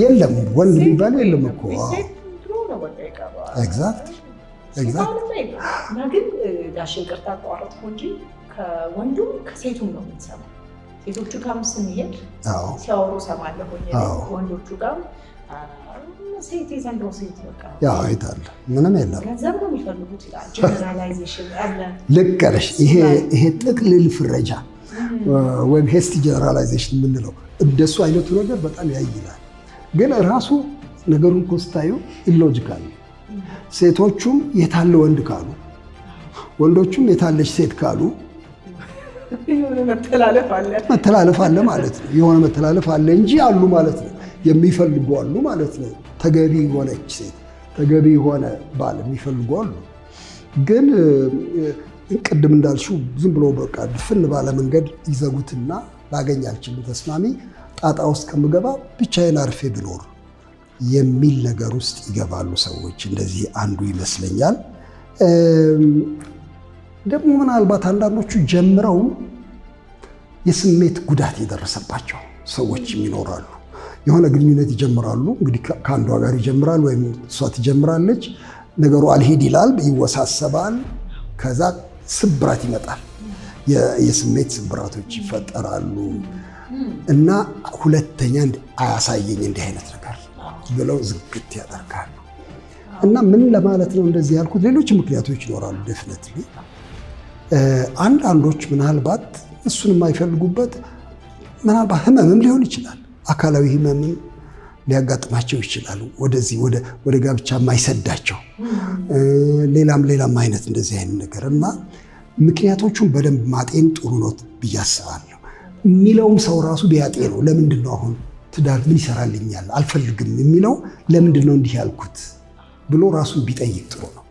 የለም ወንድ የሚባል የለም እኮ ኤግዛክት ኤግዛክት። ግን ዳሽ ይቅርታ አቋረጥኩ እንጂ ከወንዱም ከሴቱም ነው የምንሰማው። ሴቶቹ ጋርም ስንሄድ ሲያወሩ እሰማለሁ። ወንዶቹ ጋርም ሴት ምንም የለም ልክ ነሽ። ይሄ ጥቅልል ፍረጃ ወይም ሄስቲ ጀነራላይዜሽን የምንለው እንደሱ አይነቱ ነገር በጣም ያይላል። ግን ራሱ ነገሩን እኮ ስታዩ ኢሎጂካል ሴቶቹም የታለ ወንድ ካሉ፣ ወንዶቹም የታለች ሴት ካሉ መተላለፍ አለ ማለት ነው። የሆነ መተላለፍ አለ እንጂ አሉ ማለት ነው። የሚፈልጉ አሉ ማለት ነው። ተገቢ የሆነች ሴት፣ ተገቢ የሆነ ባል የሚፈልጉ አሉ ግን ቅድም እንዳልሽው ዝም ብሎ በቃ ድፍን ባለ መንገድ ይዘጉትና ላገኝ አልችልም ተስማሚ ጣጣ ውስጥ ከምገባ ብቻዬን አርፌ ብኖር የሚል ነገር ውስጥ ይገባሉ ሰዎች። እንደዚህ አንዱ ይመስለኛል። ደግሞ ምናልባት አንዳንዶቹ ጀምረው የስሜት ጉዳት የደረሰባቸው ሰዎችም ይኖራሉ። የሆነ ግንኙነት ይጀምራሉ። እንግዲህ ከአንዷ ጋር ይጀምራል ወይም እሷ ትጀምራለች። ነገሩ አልሄድ ይላል፣ ይወሳሰባል። ከዛ ስብራት ይመጣል፣ የስሜት ስብራቶች ይፈጠራሉ። እና ሁለተኛ አያሳየኝ እንዲህ አይነት ነገር ብለው ዝግት ያደርጋሉ። እና ምን ለማለት ነው እንደዚህ ያልኩት፣ ሌሎች ምክንያቶች ይኖራሉ። ደፍነት አንዳንዶች ምናልባት እሱን የማይፈልጉበት ምናልባት ህመምም ሊሆን ይችላል አካላዊ ህመምም ሊያጋጥማቸው ይችላሉ። ወደዚህ ወደ ጋብቻ የማይሰዳቸው ሌላም ሌላም አይነት እንደዚህ አይነት ነገር እና ምክንያቶቹን በደንብ ማጤን ጥሩ ነው ብዬ አስባለሁ። የሚለውም ሰው ራሱ ቢያጤ ነው። ለምንድን ነው አሁን ትዳር ምን ይሰራልኛል አልፈልግም የሚለው ለምንድን ነው እንዲህ ያልኩት ብሎ ራሱን ቢጠይቅ ጥሩ ነው።